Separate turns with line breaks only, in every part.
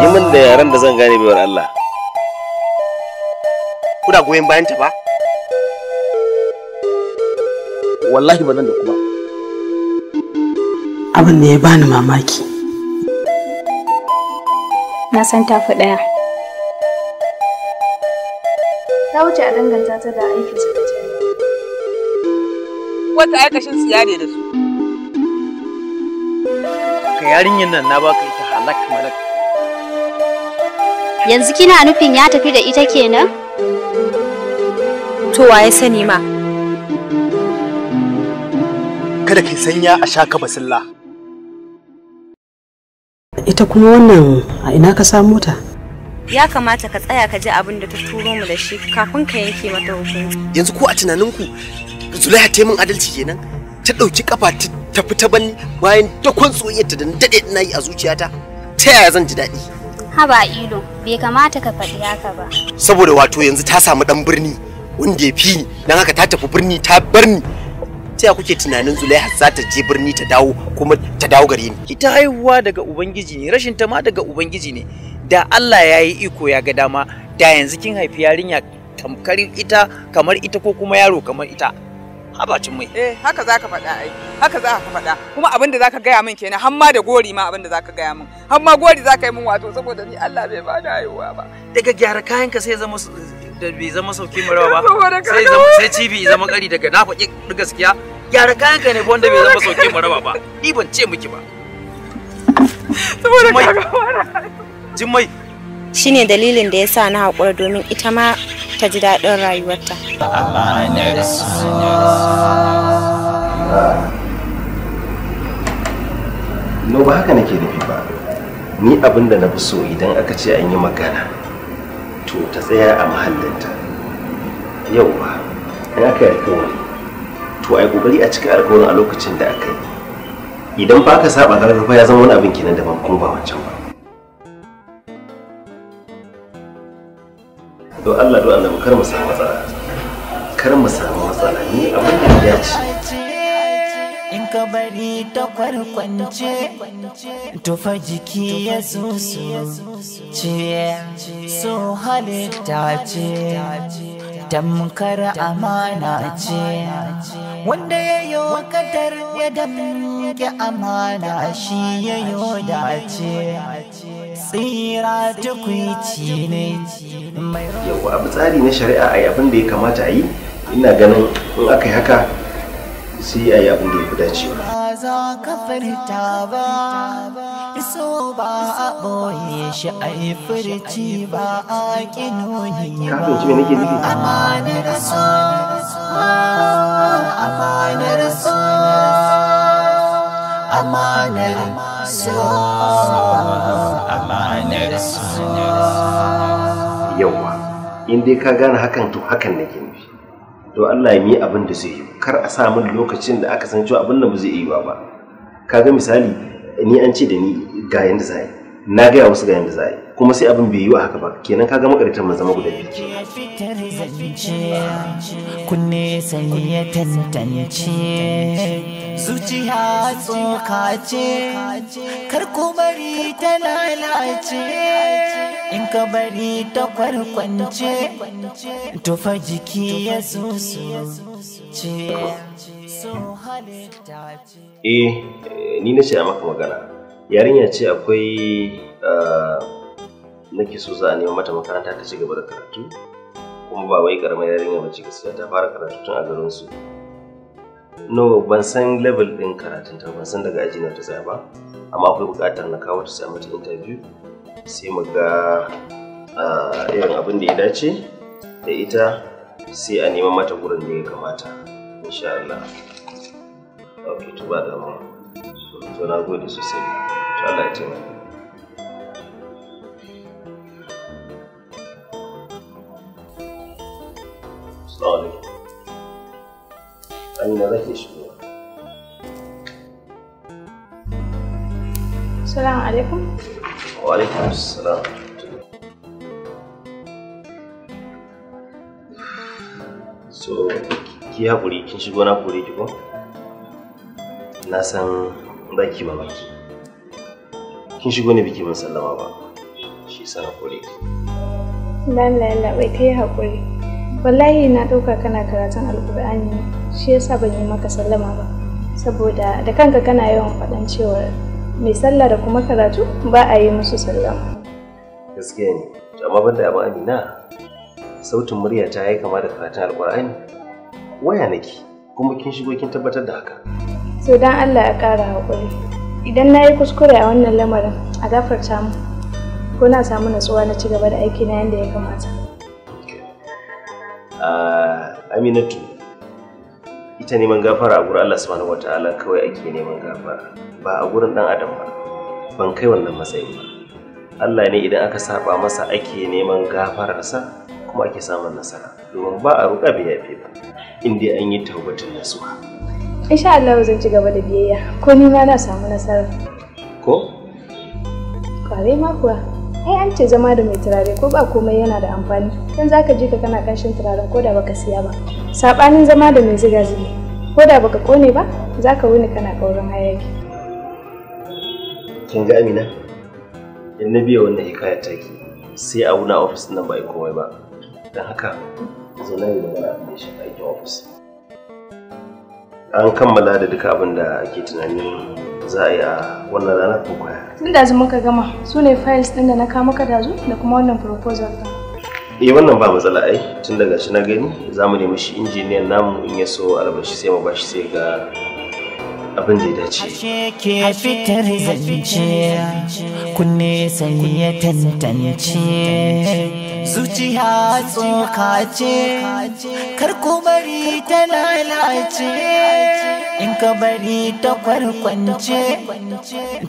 yi min da yaren
da zan gane baiwar Allah kuna goyon bayanta ba wallahi ba nan da kuma abin da ya bani mamaki
na san tafi ɗaya ta wuce a danganta ta da aikin sakacin wata aikashin siya ne da su
yarinyar nan na baka ita halak malak yanzu kina nufin ya tafi da ita kenan to waye sani ma kada ki sanya a shaka basilla ita kuma wannan a ina ka samu ta
ya kamata ka tsaya ka ji abin da ta turo mu da shi
kafin ka yanke mata hukunci
yanzu ko a tunaninku zulaiha ta min adalci kenan ta ɗauki kafa ta ta fita ban bayan dakon iyata da dade ina yi a zuciyata ta yaya zan ji daɗi
haba ilo bai kamata ka faɗi haka ba
saboda wato yanzu ta samu dan birni wanda ya fi ni dan haka ta tafi birni ta bar ni ta kuke tunanin Zulaiha za ta je birni ta dawo kuma ta dawo gare ni ita haihuwa daga ubangiji ne rashin ta ma daga ubangiji ne da Allah ya yi iko ya ga dama da yanzu kin haifi yarinya tamkar ita kamar ita ko kuma yaro kamar ita habacin mai eh haka za ka faɗa ai haka za ka faɗa kuma abin da zaka gaya min kenan har ma da gori ma abin da zaka gaya min har ma gori zaka yi min wato saboda ni Allah bai ba da haihuwa ba daga gyara kayan ka sai zama
da bai zama sauki mura ba sai zama sai cibi zama kari daga na faɗi gaskiya gyara
kayan ka ne ba wanda bai zama sauki mura ba ni ban ce miki ba saboda ka
jimmai shine dalilin da yasa na haƙura domin ita ma ta ji daɗin rayuwarta.
No ba haka nake nufi ba, ni abin da na fi so idan aka ce an yi magana, to ta tsaya a mahallinta. Yau ba, in aka yi alkawari, to ai kokari a cikin alkawarin a lokacin da aka yi. Idan ba ka saba zarafa ya zama wani abin kenan daban kuma ba wancan ba. don Allah don Allah kar mu samu matsala kar mu samu matsala ni abin da ya ci
in ka bari ta kwarkwance tufa jiki ya susu ce so halitta ce tamkar amana ce wanda ya yi wakadar ya damke amana shi ya yi dace tsira tukwici ne abu tsari na
shari'a a abin da ya kamata a yi ina ganin in aka yi haka sai a yi abin da ya fi dacewa
za ka furta ba so ba a ɓoye shi a yi furci ba a ƙinoni ba amanar
amanar amanar yauwa in dai ka gane hakan to hakan na ke nufi to Allah ya mi abin da zai yi kar a sa min lokacin da aka san cewa abin da ba zai yi ba kaga misali ni an ce da ni ga yanda za yi na gaya wasu ga yanda za yi kuma sai abin bai yi wa haka ba kenan ka ga makaritan mai zama guda biyu
kunne sai ya tantance zuciya tsoka ce kar ku bari ta lalace in ka bari ta kwarkwance tufa jiki ya susu ce
eh ni na a maka magana yarinya ce akwai nake so za a nema mata makaranta ta ci gaba da karatu kuma ba wai karamar yarinya ba ce gaskiya ta fara karatu tun a garinsu no ban san level din karatun ta ban san daga aji na ta tsaya ba amma akwai bukatar na kawo ta sai mata interview sai mu ga irin abin da ya dace da ita sai a nemi mata gurin da ya kamata insha Allah ok to ba da mu so na gode sosai insha Allah ya taimaka Assalamu alaikum amina za ke shigo
salamu alaikum
wa alaikum salam so ki haƙuri kin shigo na kore ki ko na san baki ki baki. kin shigo ne biki mun sallama ba shi sana kore
ki lallai labai kai haƙuri wallahi na ɗauka kana karatun alƙur'ani ne shi yasa ban yi maka sallama ba saboda da kanka kana yawan faɗan cewa mai sallah da kuma karatu ba a yi musu sallama
gaskiya ne amma banda abu amina sautin murya ta yi kama da karatun alƙur'ani waya nake kuma kin shigo kin tabbatar da haka
so dan Allah ya ƙara haƙuri idan na yi kuskure a wannan lamarin a gafarta mu ko na samu natsuwa na ci gaba da aiki na yadda ya kamata
ah, Aminatu, ita neman gafara a gurin Allah subhanahu wataala kawai ake neman gafara ba a gurin dan adam ba ban kai wannan matsayin ba Allah ne idan aka saba masa ake neman gafararsa kuma ake samun nasara domin ba a ruka bai yafe ba in dai an yi taubatin nasuha
insha Allah zan ci gaba da biyayya ko ni ma na samu nasara ko kare ma kuwa ai an ce zama da mai turare ko ba komai yana da amfani dan zaka je ka kana kashin turaren ko da baka siya ba sabanin zama da mai ziga ziga ko da baka kone ba zaka wuni kana kaurin hayaki
kin ga Amina in na biya wannan hikaya take sai a wuna ofis nan ba komai ba dan haka zo na yi magana da shi aikin ofis an kammala da duka abin da ake tunanin za a yi a wannan rana ko kwaya.
Tun da muka gama su ne files ɗin da na kawo maka dazu da kuma wannan proposal ɗin.
Eh wannan ba matsala ai tun daga shi na gani za mu nemi shi injiniyan namu in ya so albashi sai mu bashi sai ga abin da ya dace.
ke fitar zance kunne sai ya tantance. zuciya tsoka ce kar ku bari ta lalace in ka bari ta kwarkwance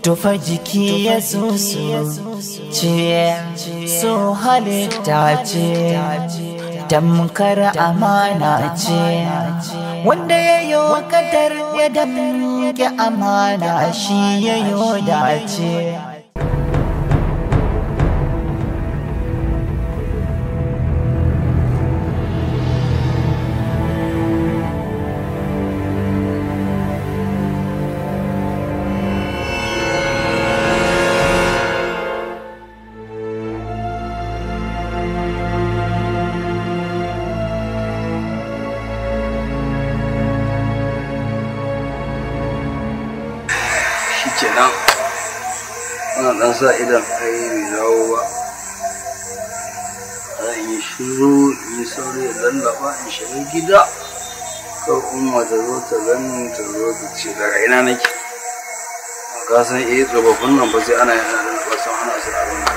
tufa jiki ya susu ce so halitta ce tamkar amana ce wanda ya yi wa kadar ya damke amana shi ya yi dace
na dan sa idan ayi bai dawo ba a yi
shiru
yi sauri ya lallaba in shiga gida kar umma ta zo ta gani ta zo ta ce daga ina nake ka san iya eh, tsofaffin nan ba sai ana yana da sai ana sa abin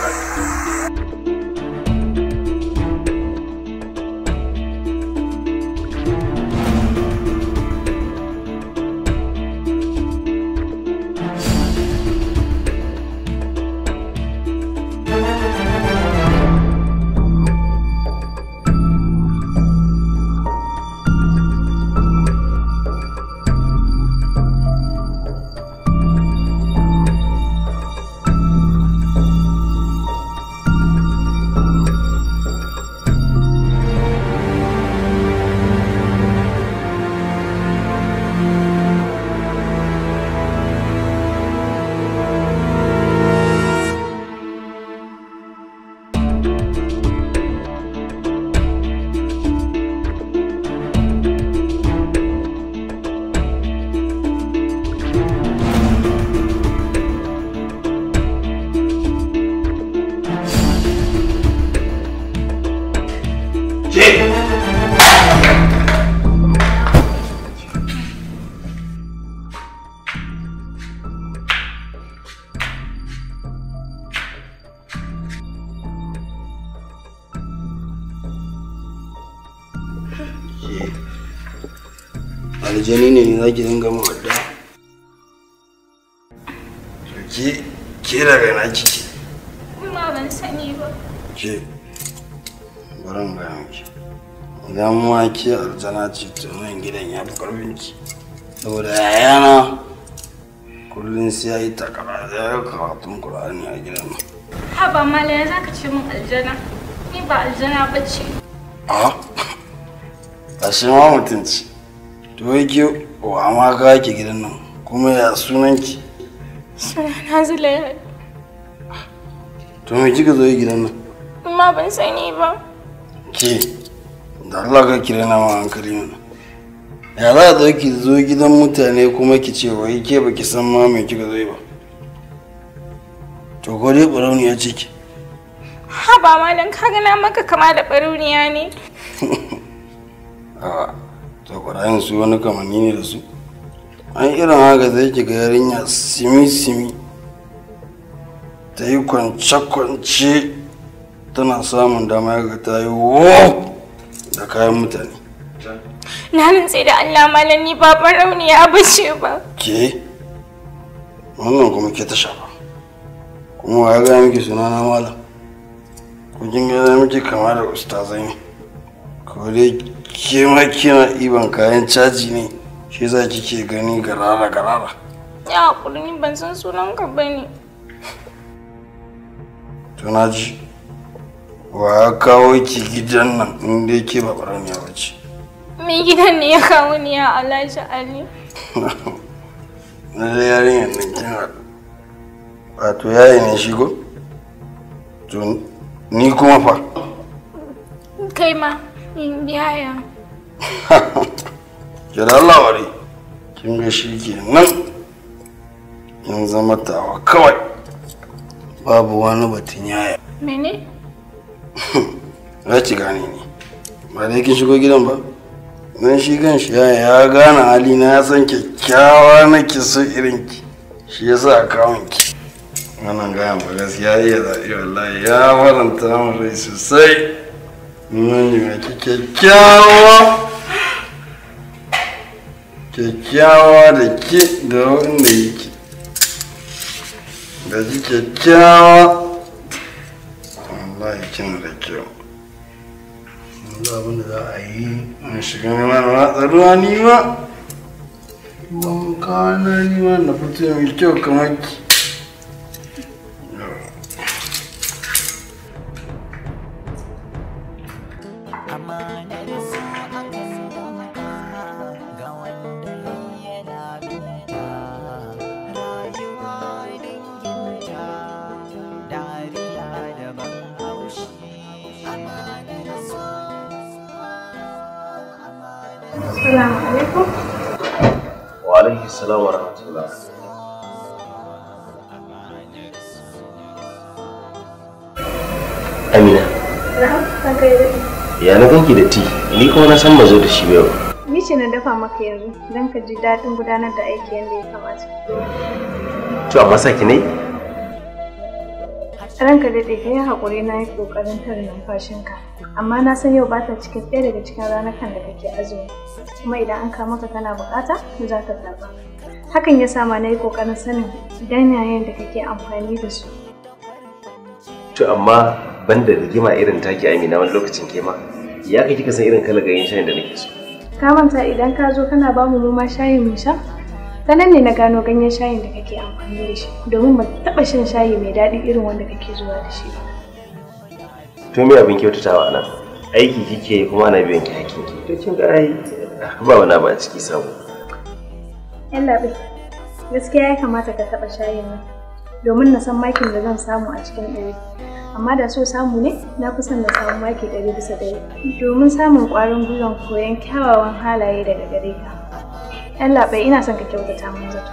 aljani ne ne zaki dinga mu adda ke ke daga na kike
ma ban sani ba
ke baran ga miki idan ma ke aljana ce to nan gidan ya fi karfin ki saboda yayana kullum sai ya yi takara ya karatun kur'ani a gidan
haba mala ya zaka ce min aljana ah! ni ba aljana ba ce
a ashe ma mutunci to wa ma ka ki gidan nan kuma ya sunan ki
sunana zulaiha
to me kika zo gidan nan
amma ban sani ba
ke da Allah ka kira na ma hankali mana ya za a ki zo gidan mutane kuma ki ce wai ke ba ki san ma me kika zo ba to ko barauni ya ciki
ha ba malam ka gana maka kama da barauniya ne
a'a to ƙwararren su wani kamanni ne da su an irin haka zai ki ga yarinya simi-simi ta yi kwance-kwance tana samun dama ga ta yi wo da kayan mutane
na rantse da allah malami ba rauni ya bace ba
ke wannan kuma ke ta shafa kuma ya gaya miki sunana malam kujin kin gaya miki kama da ustazai ne ko dai kima kina iban kayan caji ne shi za kike gani garara garara
ya hakuri ban san sunan ka bane
na ji wa ya kawo ki gidan nan inda dai ke ba baraniya bace
me gidan ne ya kawo ni ya alhaji ali
na da yarinyar nan kin haɗu wato yayi ne shi ko ni kuma fa
kai ma Yaya.
Kiran lawari. Kin ga shi ke nan? In zama tawa kawai. Babu wani batun yaya. Mene? Za ki gane ni. Ba dai kin shigo gidan ba. Nan shi gan shi yaya ya gane halina ya san kyakkyawa na ki so irin ki. Shi sa akawun ki. Wannan gaya ba gaskiya iya zaɓi wallahi ya faranta min rai sosai. manuwaci kyakkyawa kyakkyawa da ke da wanda yake da ji kyakkyawa wallahi kina da kyau abin da za a yi na shiga neman ratsa ruwa ni ma ban na ni ma na fito mai kyau kamar ki
Assalamu alaikum.
Wa salam wa rahmatullah. Amina. Ya na ganki da ti, ni kuma na san mazo da shi yau.
Ni ce na dafa maka yanzu don ka ji daɗin gudanar da aiki yadda ya kamata.
To amma sa ki ne?
ranka daɗe ka yi haƙuri na yi ƙoƙarin tare numfashinka amma na san yau ba ta cikin ɗaya daga cikin ranakan da kake azumi kuma idan an kama ka kana buƙata za ka zaɓa hakan ya sama na yi ƙoƙarin sanin ganyayen da kake amfani da su.
to amma ban da rigima irin taki amina wani lokacin ma ya kai kika san irin kalagayin shayin da nake so.
ka manta idan ka zo kana bamu mu noma shayin mu sha Ta nan ne na gano ganyen shayin da kake amfani da shi domin ba taɓa shan shayi mai daɗi irin wanda kake zuwa da shi
To me abin kyautatawa nan? Aiki kike kuma ana biyan ki hakkin ki. To kin ga ai ba wani ba a ciki sabo.
Yalla bai. Gaskiya ya kamata ka taɓa shayin nan domin na san makin da zan samu a cikin ɗari. Amma da so samu ne na kusan na samu maki ɗari bisa ɗari domin samun ƙwarin gwiwan koyon kyawawan halaye daga gare ka. Allah ina son ka kyautata mun zato.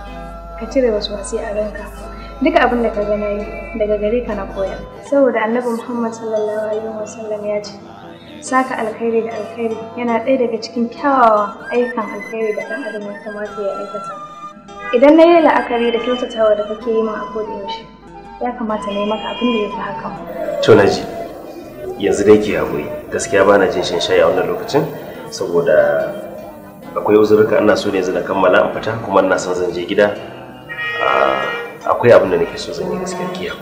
Ka cire wasu wasi a ranka. Duk abin da ka ga nayi daga gare ka na koya. Saboda Annabi Muhammad sallallahu alaihi sallam ya ce saka alkhairi da alkhairi yana ɗaya daga cikin kyawawan aikan alkhairi da ɗan adam ya kamata ya aikata. Idan na yi la'akari da kyautatawa da kake yi min a koda yaushe, ya kamata na yi maka abin da ya fi hakan.
To na ji, yanzu dai ke haƙuri, gaskiya ba na jin shan shayi a wannan lokacin saboda akwai uzurka ina so ne yanzu na kammala in fita kuma ina son zan je gida ah, akwai abin da nake so zan yi
gaskiya kiya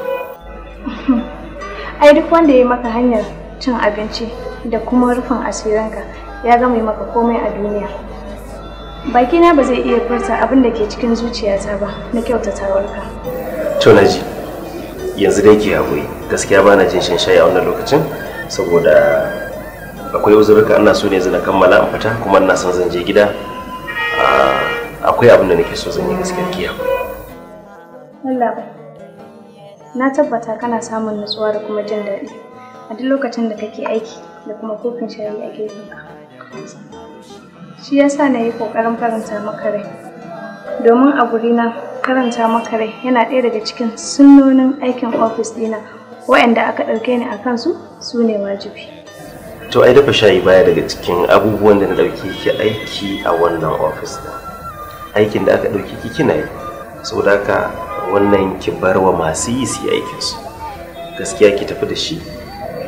ai duk wanda ya maka hanyar cin abinci da kuma rufin asirinka ya gama yi maka komai a duniya baki na ba zai iya furta abin da ke cikin zuciyata ba na kyautatawarka
to na ji yanzu dai ke haƙuri gaskiya ba na jin shan shayi a wannan lokacin saboda akwai uzurka ina so ne zana kammala in fita kuma ina son zan je gida ah, akwai abin da nake so zan
yi gaskiya kiya Allah na tabbata kana samun nutsuwa da kuma jin daɗi a duk lokacin da kake aiki da kuma kofin shayi a gefenka shi yasa na yi ƙoƙarin faranta maka rai domin a na karanta maka rai yana ɗaya daga cikin sunnonin aikin ofis ɗina waɗanda aka ɗauke ni a kansu su ne wajibi
to ai dafa shayi baya daga cikin abubuwan da na dauke ki aiki a wannan ofis da aikin da aka ɗauki ki kina yi saboda haka wannan ki bar wa masu yi su aikin su gaskiya ki tafi da shi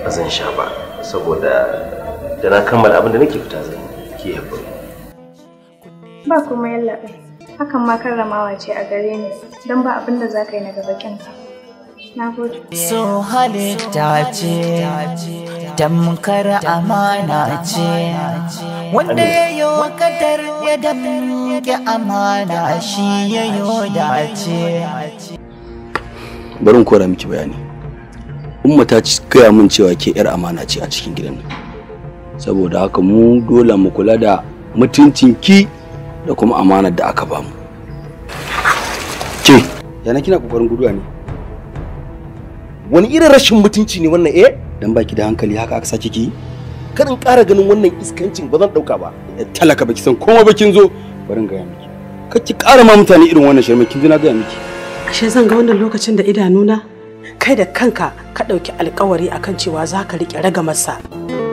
ba zan sha ba saboda da na kammala abin da nake fita zan ki haƙuri
ba kuma yallaɓai hakan ma karramawa ce a gare ni don ba abin da za ka yi na gaba na gode so
halitta ce tamkar amana ce wanda ya yi kadar ya damke amana shi ya yi dace
bari kora miki bayani umma ta gaya min cewa ke yar amana ce a cikin gidan nan saboda haka mu dole mu kula da mutuncin ki da kuma amanar da aka bamu ke yana kina kokarin guduwa ne wani irin rashin mutunci ne wannan eh dan baki da hankali haka aka sace ki karin ƙara ganin wannan
iskancin ba zan ɗauka ba talaka baki san komai ba kin zo bari gaya miki ka ki ƙara ma mutane irin wannan sharma kin ji na gaya miki
ashe zan ga wannan lokacin da idanuna kai da kanka ka ɗauki alkawari akan cewa za ka riƙe ragamarsa. masa